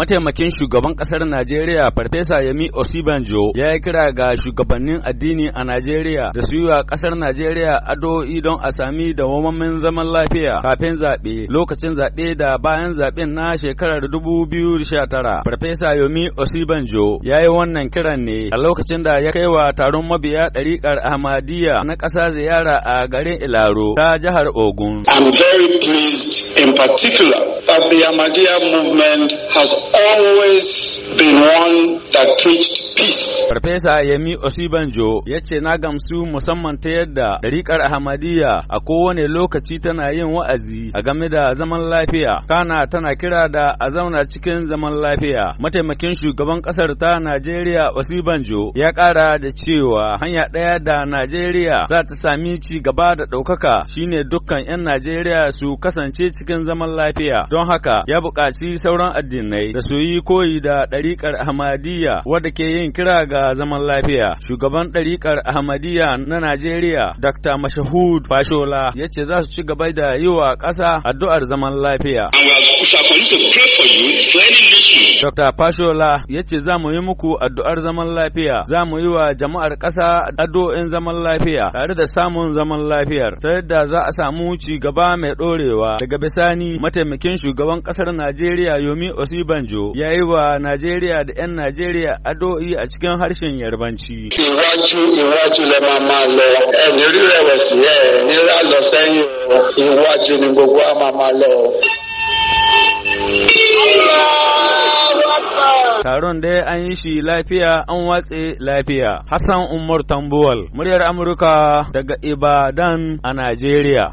mataimakin shugaban kasar Najeriya Farfesa Yemi Osibanjo ya yi kira ga shugabannin addini a Najeriya da su yi wa kasar Najeriya ado don a sami dawwammamin zaman lafiya kafin zaɓe lokacin zaɓe da bayan zaɓen na shekarar 2019. Farfesa Yemi Osibanjo ya yi wannan kiran ne a lokacin da ya kai wa taron mabiya ɗariƙar Ahmadiyya na ƙasa ziyara a garin Ilaro ta jihar Ogun. I'm very pleased in particular that the Ahmadiyya movement has always been one that preached Farfesa Yemi Osibanjo ya ce na gamsu musamman ta yadda ɗariƙar Ahmadiyya a kowane lokaci tana yin wa'azi a game da zaman lafiya. Kana tana kira da a zauna cikin zaman lafiya. Mataimakin shugaban ƙasar ta Najeriya Osibanjo ya ƙara da cewa hanya ɗaya da Najeriya za ta sami ci gaba da ɗaukaka shine dukkan 'yan Najeriya su kasance cikin zaman lafiya. Don haka ya buƙaci sauran addinai da su yi koyi da ɗariƙar Ahmadiyya wadda ke yin kira ga zaman lafiya. Shugaban ɗariƙar Ahmadiyya na Najeriya, Dr. Mashahud Fashola, ya ce za su ci gaba da yi wa ƙasa addu'ar zaman lafiya. Dr. Fashola ya ce za mu yi muku addu'ar zaman lafiya, za mu yi wa jama'ar ƙasa addu'o'in zaman lafiya tare da samun zaman lafiyar, ta yadda za a samu ci gaba mai ɗorewa. Daga bisani mataimakin shugaban ƙasar Najeriya Yomi Osibanjo ya yi wa Najeriya da 'yan Najeriya addu'o'i jawabi a cikin harshen Yarbanci. Iwaju iwaju lẹ máa máa lọ ẹni orí rẹ̀wẹ̀sì ẹ̀ nírà lọ sẹ́yìn iwájú ni gbogbo a máa máa lọ. Taron dai an yi shi lafiya an watse lafiya. Hassan Umar Tambuwal, muryar Amurka daga Ibadan a Najeriya.